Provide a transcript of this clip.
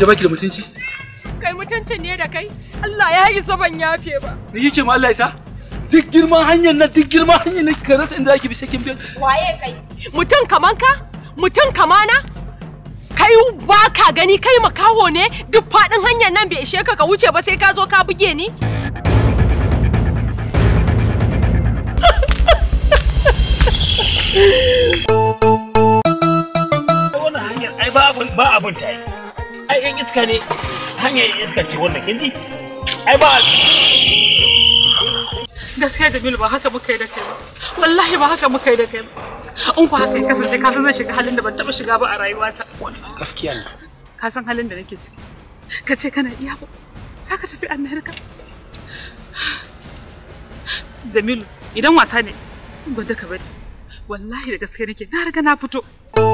ce baki da mutunci? Kai mutuncin ne da kai? Allah ya yi saban yafe ba. Ni kike ma Allah sa Duk girman hanyar nan duk girman hanyar nan ka rasa inda ake bi sakin bil. Waye kai? Mutum kaman ka? Mutum kamana? Kai ba ka gani kai makaho ne duk faɗin hanyar nan bai ishe ka ka wuce ba sai ka zo ka buge ni? Wannan hanyar ai ba abin ta yi. yan iska ne hanyar iska ce wannan kin ji ai ba gaskiya Jamilu ba haka muka yi da kai ba wallahi ba haka muka yi da kai ba in ku haka ya kasance ka san zan shiga halin da ban taba shiga ba a rayuwata gaskiya ne ka san halin da nake ciki ka ce kana iya ba za ka tafi America Jamilu idan wasa ne gwada ka bari wallahi da gaske nake na riga na fito